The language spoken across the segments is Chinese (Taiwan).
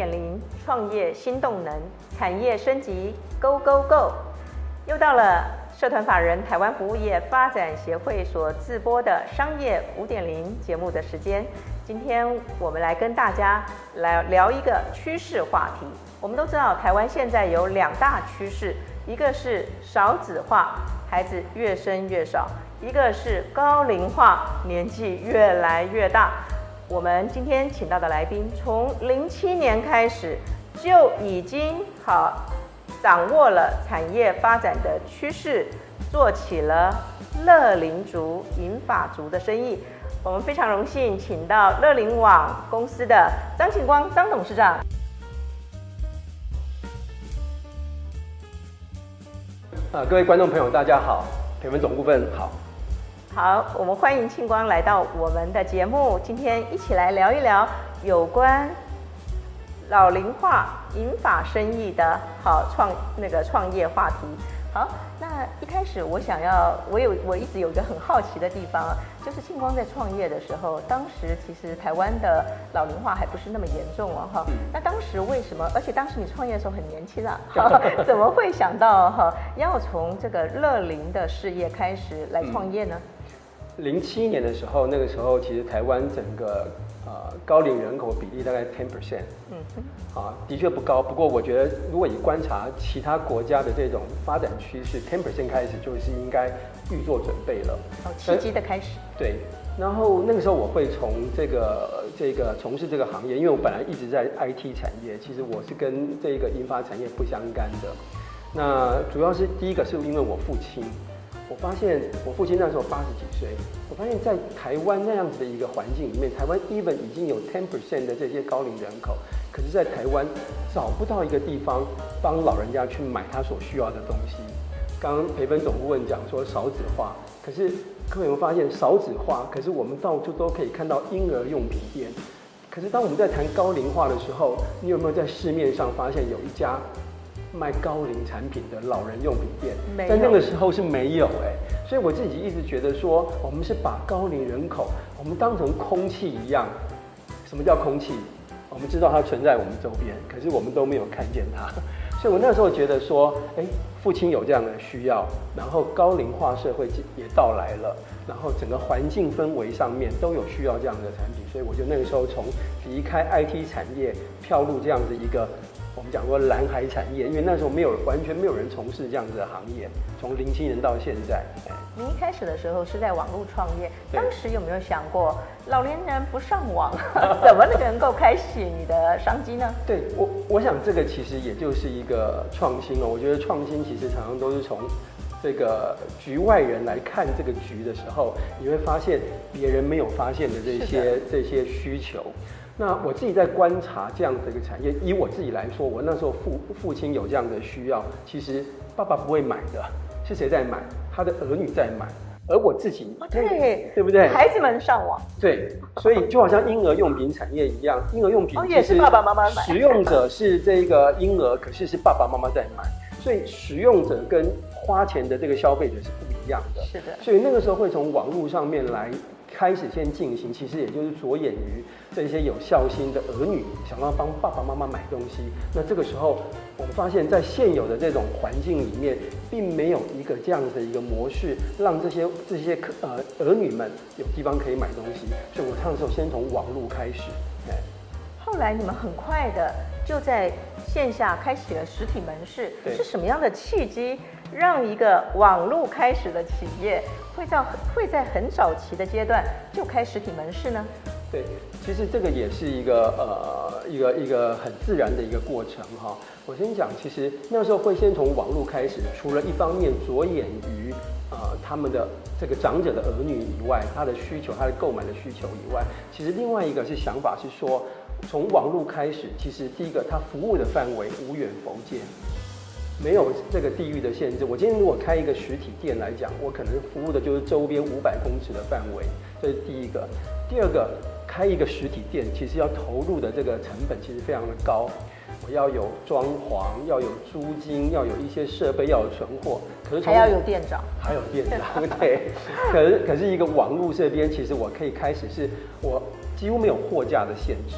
點零創業新動能，產業升級，Go Go Go！又到了社團法人台灣服務業發展協會所自播的商業五點零節目的時間。今天我們來跟大家來聊一個趨勢話題。我們都知道，台灣現在有兩大趨勢，一個是少子化，孩子越生越少；一個是高齡化，年紀越來越大。我們今天請到的來賓，從零七年開始就已經好、啊、掌握了產業發展的趨勢，做起了樂齡族銀髮族的生意。我們非常榮幸請到樂齡網公司的張慶光張董事長。啊、呃，各位觀眾朋友，大家好，裴文總顧問好。好，我們歡迎慶光來到我們的節目，今天一起來聊一聊有關老齡化銀髮生意的好創那個創業話題。好，那一開始我想要，我有我一直有一個很好奇的地方，就是慶光在創業的時候，當時其實台灣的老齡化還不是那麼嚴重啊，哈。那當時為什麼？而且當時你創業的時候很年輕啊，哈，怎麼會想到哈，要從這個樂齡的事業開始來創業呢？嗯零七年的時候，嗯、那個時候其實台灣整個啊、呃、高齡人口比例大概10%。嗯嗯哼。啊，的確不高。不過我覺得，如果以觀察其他國家的這種發展趨勢，10%開始就是應該預做準備了。好、哦、契機的開始。對。然後那個時候我會從這個這個從事這個行業，因為我本來一直在 IT 產業，其實我是跟這個銀髮產業不相干的。那主要是第一個是因為我父親。我發現我父親那時候八十幾歲，我發現，在台灣那樣子的一個環境裡面，台灣 even 已經有 ten percent 的這些高齡人口，可是，在台灣找不到一個地方幫老人家去買他所需要的東西。剛剛裴芬總顧問講說少子化，可是各位有沒有發現少子化？可是我們到處都可以看到嬰兒用品店，可是當我們在談高齡化的時候，你有沒有在市面上發現有一家？賣高齡產品的老人用品店，在有那個時候是沒有哎、欸，所以我自己一直覺得說，我們是把高齡人口我們當成空氣一樣。什麼叫空氣？我們知道它存在我們周邊，可是我們都沒有看見它。所以我那時候覺得說，哎、欸，父親有這樣的需要，然後高齡化社會也到來了，然後整個環境氛圍上面都有需要這樣的產品，所以我就那個時候從離開 IT 產業跳入這樣子一個。我們講過藍海產業，因為那時候沒有完全沒有人從事這樣子的行業，從零七年到現在。你一開始的時候是在網絡創業，對當時有沒有想過老年人不上網， 怎麼能能夠開啟你的商機呢？對我，我想這個其實也就是一個創新了、哦。我覺得創新其實常常都是從這個局外人來看這個局的時候，你會發現別人沒有發現的這些這些需求。那我自己在觀察這樣的一個產業，以我自己來說，我那時候父父親有這樣的需要，其實爸爸不會買的，是誰在買？他的兒女在買，而我自己對，對不對？孩子們上網對，所以就好像嬰兒用品產業一樣，嬰兒用品也是爸爸媽媽買，使用者是這個嬰兒，可是是爸爸媽媽在買，所以使用者跟花錢的這個消費者是不一樣的。是的，所以那個時候會從網絡上面來。開始先進行，其實也就是着眼於這些有孝心的兒女，想要幫爸爸媽媽買東西。那這個時候，我們發現，在現有的這種環境裡面，並沒有一個這樣子的一個模式，讓這些這些呃兒女們有地方可以買東西。所以我那時候先從網絡開始。後來你們很快的就在。線下開啟了實體門市，對是什麼樣的契機讓一個網絡開始的企業會在會在很早期的階段就開實體門市呢？對，其實這個也是一個呃一個一個很自然的一個過程哈、哦。我先講，其實那時候會先從網絡開始，除了一方面着眼於呃他們的這個長者的兒女以外，他的需求，他的購買的需求以外，其實另外一個是想法是說。從網絡開始，其實第一個，它服務的範圍無遠弗屆，沒有這個地域的限制。我今天如果開一個實體店來講，我可能服務的就是周邊五百公尺的範圍，這是第一個。第二個，開一個實體店，其實要投入的這個成本其實非常的高，我要有裝潢，要有租金，要有一些設備，要有存貨。可是還要有店長，還有店長，對對？ 可是，可是一個網絡這邊，其實我可以開始是我幾乎沒有貨架的限制。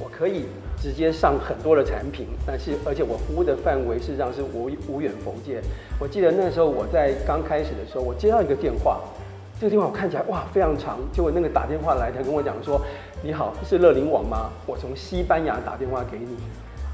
我可以直接上很多的產品，但是而且我服務的範圍事實上是無，無遠弗屆。我記得那時候我在剛開始的時候，我接到一個電話，這個電話我看起來哇非常長，結果那個打電話來他跟我講說：“你好，是樂齡網嗎？我從西班牙打電話給你，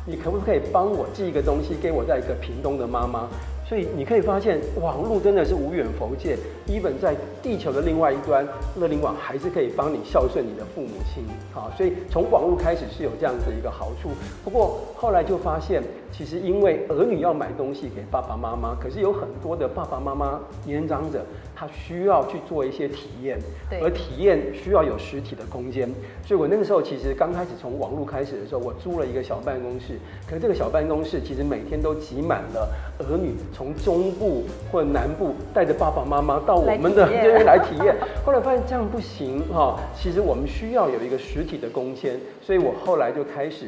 你可不可以幫我寄一個東西給我在一個屏東的媽媽？”所以你可以發現，網絡真的是無遠弗屆。Even 在地球的另外一端，樂齡網還是可以幫你孝順你的父母親。好，所以從網絡開始是有這樣子一個好處。不過後來就發現。其實因為兒女要買東西給爸爸媽媽，可是有很多的爸爸媽媽年長者，他需要去做一些體驗，對而體驗需要有實體的空間。所以我那個時候其實剛開始從網絡開始的時候，我租了一個小辦公室，可是這個小辦公室其實每天都擠滿了兒女從中部或者南部帶着爸爸媽媽到我們的這邊來體驗。來體驗 後來發現這樣不行哈、哦，其實我們需要有一個實體的空間，所以我後來就開始。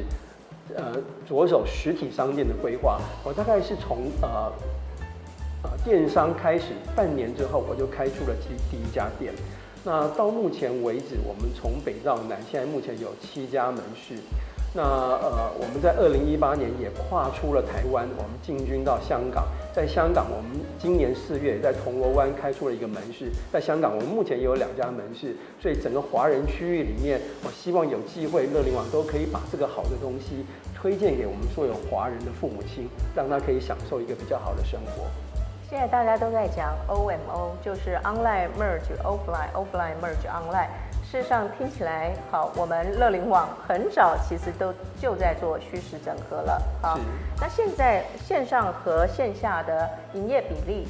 呃，着手實體商店的規劃。我大概是從呃呃電商開始，半年之後我就開出了第一第一家店。那到目前為止，我們從北到南，現在目前有七家門市。那呃，我們在二零一八年也跨出了台灣，我們進軍到香港。在香港，我們今年四月也在銅鑼灣開出了一個門市。在香港，我們目前也有兩家門市。所以整個華人區域裡面，我希望有機會樂齡網都可以把這個好的東西推薦給我們所有華人的父母親，讓他可以享受一個比較好的生活。現在大家都在講 OMO，就是 Online Merge，Offline Offline off Merge Online。事實上，聽起來好，我們樂齡網很早其實都就在做虛實整合了。好，是那現在線上和線下的營業比例，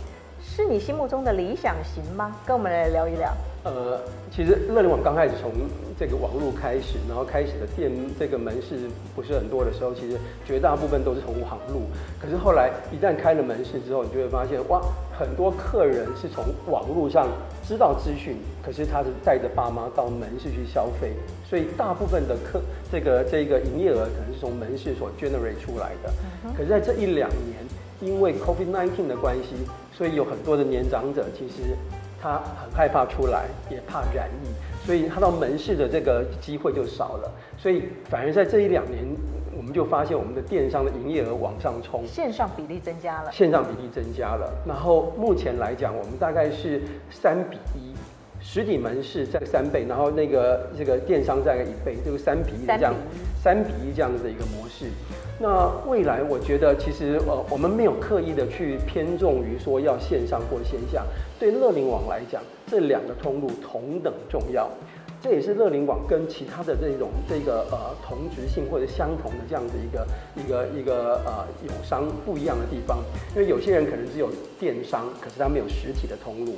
是你心目中的理想型嗎？跟我們來聊一聊。呃，其實樂齡網剛開始從這個網路開始，然後開始的店這個門市不是很多的時候，其實絕大部分都是從網路。可是後來一旦開了門市之後，你就會發現哇，很多客人是從網路上知道資訊，可是他是帶着爸媽到門市去消費，所以大部分的客這個這個營業額可能是從門市所 generate 出來的。Uh huh. 可是，在這一兩年。因為 COVID-19 的關係，所以有很多的年長者其實他很害怕出來，也怕染疫，所以他到門市的這個機會就少了。所以反而在這一兩年，我們就發現我們的電商的營業額往上衝，線上比例增加了，線上比例增加了。然後目前來講，我們大概是三比一，實體門市在三倍，然後那個這個電商在一倍，就是三比一這樣，三比一這樣子的一個模式。那未來，我覺得其實呃，我們沒有刻意的去偏重於說要線上或線下。對樂齡網來講，這兩個通路同等重要，這也是樂齡網跟其他的這種這個呃同質性或者相同的這樣的一個一個一個呃友商不一樣的地方。因為有些人可能只有電商，可是他沒有實體的通路。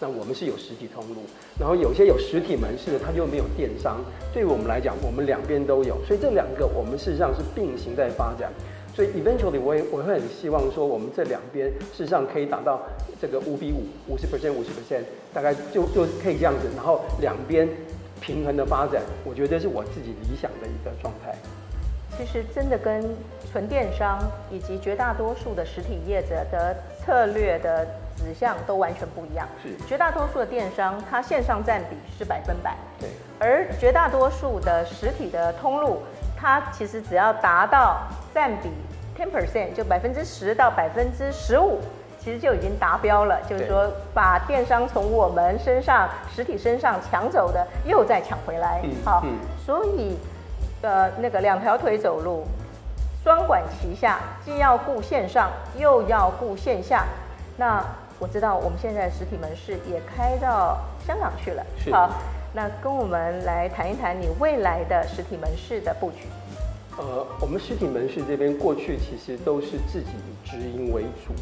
那我們是有實體通路，然後有些有實體門市的，它就沒有電商。對於我們來講，我們兩邊都有，所以這兩個我們事實上是並行在發展。所以 eventually 我也我會很希望說，我們這兩邊事實上可以達到這個五比五，五十 percent 五十 percent，大概就就可以這樣子，然後兩邊平衡的發展，我覺得是我自己理想的一個狀態。其實真的跟純電商以及絕大多數的實體業者的策略的指向都完全不一樣，是絕大多數的電商，它線上佔比是百分百，對。而絕大多數的實體的通路，它其實只要達到佔比 ten percent，就百分之十到百分之十五，其實就已經達標了。對就是說，把電商從我們身上、實體身上搶走的，又再搶回來。嗯、好，嗯、所以呃，那個兩條腿走路，雙管齊下，既要顧線上，又要顧線下，那。我知道我們現在實體門市也開到香港去了。是好，那跟我們來談一談你未來的實體門市的布局。呃，我們實體門市這邊過去其實都是自己的直營為主，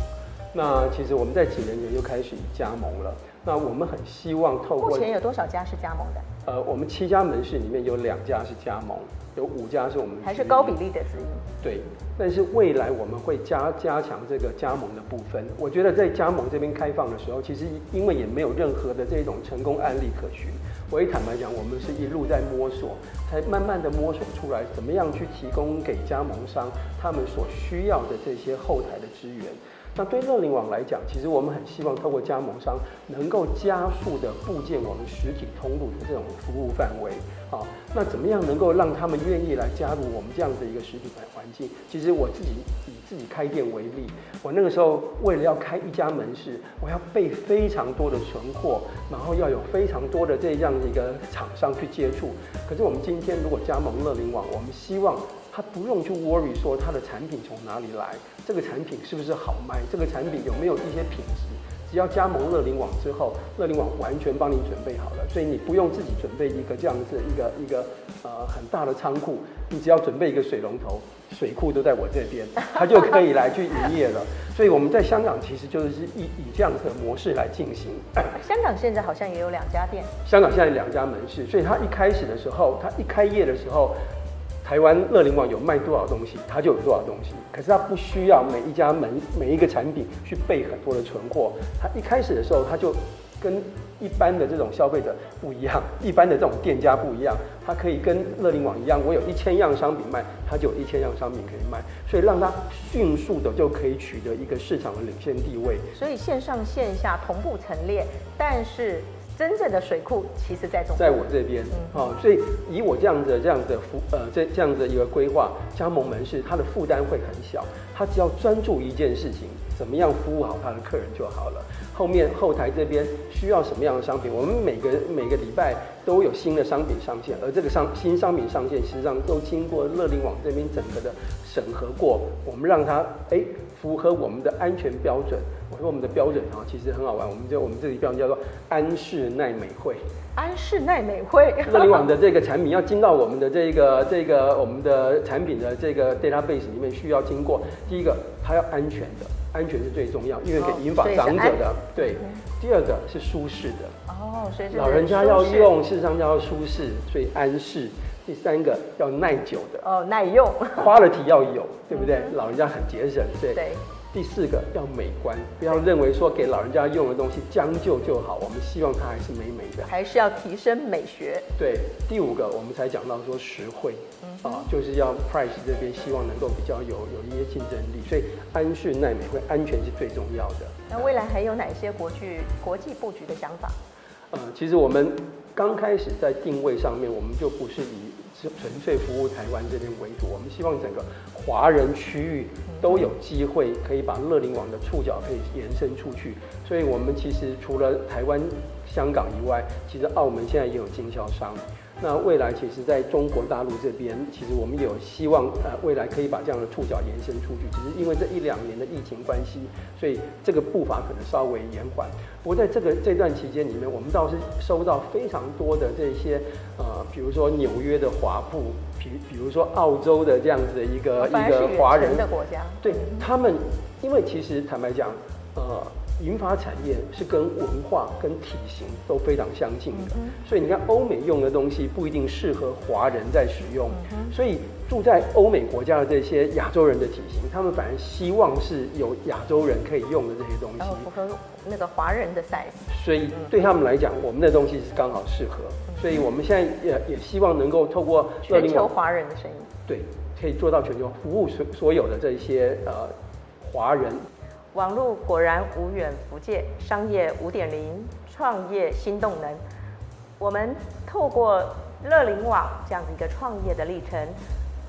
那其實我們在幾年前就開始加盟了。那我們很希望透過目前有多少家是加盟的？呃，我們七家門市裡面有兩家是加盟，有五家是我們還是高比例的資金？對，但是未來我們會加加強這個加盟的部分。我覺得在加盟這邊開放的時候，其實因為也沒有任何的這種成功案例可循。我也坦白講，我們是一路在摸索，才慢慢地摸索出來怎麼樣去提供給加盟商他們所需要的這些後台的資源。那對樂齡網來講，其實我們很希望透過加盟商能夠加速的布建我們實體通路的這種服務範圍啊。好，那怎麼樣能夠讓他們願意來加入我們這樣的一個實體的環境？其實我自己以自己開店為例，我那個時候為了要開一家門市，我要備非常多的存貨，然後要有非常多的這樣的一個廠商去接觸。可是我們今天如果加盟樂齡網，我們希望。他不用去 worry，說他的產品從哪裡來，這個產品是不是好賣，這個產品有沒有一些品質，只要加盟樂齡網之後，樂齡網完全幫你準備好了，所以你不用自己準備一個這樣子一個一個呃很大的倉庫，你只要準備一個水龍頭，水庫都在我這邊，他就可以來去營業了。 所以我們在香港其實就是是以以這樣子的模式來進行。呃、香港現在好像也有兩家店。嗯、香港現在有兩家門市，所以他一開始的時候，他一開業的時候。台灣樂齡網有賣多少東西，它就有多少東西。可是它不需要每一家門每一個產品去備很多的存貨。它一開始的時候，它就跟一般的這種消費者不一樣，一般的這種店家不一樣。它可以跟樂齡網一樣，我有一千樣商品賣，它就有一千樣商品可以賣。所以讓它迅速的就可以取得一個市場的領先地位。所以線上線下同步陳列，但是。真正的水庫其實，在中國，在我這邊，嗯哼，哦，所以以我這樣子、這樣子負呃，這這樣子的一個規劃加盟門市，它的負擔會很小。他只要專注一件事情，怎麼樣服務好他的客人就好了。後面後台這邊需要什麼樣的商品，我們每個每個禮拜都有新的商品上線，而這個商新商品上線，實際上都經過樂齡網這邊整個的審核過，我們讓它哎、欸、符合我們的安全標準。我說我們的標準啊，其實很好玩，我們就我們這裡標準叫做安室奈美惠。安室奈美惠，樂 齡網的這個產品要進到我們的這個這個我們的產品的這個 database 裡面，需要經過。第一個，它要安全的，安全是最重要，因為給銀髮長者的，對。第二個是舒適的，哦，所以老人家要用，事實上要舒適，所以安適。第三個要耐久的，哦，耐用，quality 要有，嗯、對不對？嗯、老人家很節省，對。第四個要美觀，不要認為說給老人家用的東西將就就好，我們希望它還是美美的，還是要提升美學。對，第五個我們才講到說實惠，嗯、哼啊，就是要 price 這邊希望能夠比較有有一些競爭力，所以安順耐美惠，安全是最重要的。那未來還有哪些國際國際布局的想法？呃，其實我們剛開始在定位上面，我們就不是以純粹服務台灣這邊為主，我們希望整個華人區域，都有機會可以把樂齡網的觸角可以延伸出去，所以我們其實除了台灣、香港以外，其實澳門現在也有經銷商。那未來其實，在中國大陸這邊，其實我們有希望，呃，未來可以把這樣的觸角延伸出去。只是因為這一兩年的疫情關係，所以這個步伐可能稍微延緩。不過，在這個這段期間裡面，我們倒是收到非常多的這些，呃，比如說紐約的華埠，比比如說澳洲的這樣子的一個一個華人的國家，對，他們，因為其實坦白講，呃，銀髮產業是跟文化跟體型都非常相近的，所以你看歐美用的東西不一定適合華人在使用，所以住在歐美國家的這些亞洲人的體型，他們反而希望是有亞洲人可以用的這些東西，符合那個華人的 size。所以對他們來講，我們的東西是剛好適合，所以我們現在也也希望能夠透過全球華人的聲音，對，可以做到全球服務所所有的這些呃華人。網絡果然無遠弗屆，商業五點零，創業新動能。我們透過樂齡網這樣的一個創業的歷程，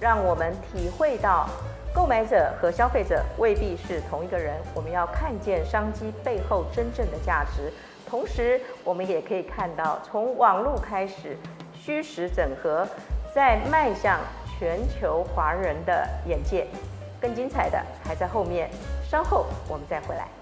讓我們體會到，購買者和消費者未必是同一個人。我們要看見商機背後真正的價值。同時，我們也可以看到，從網絡開始，虛實整合，再邁向全球華人的眼界。更精彩的還在後面。稍後我們再回來。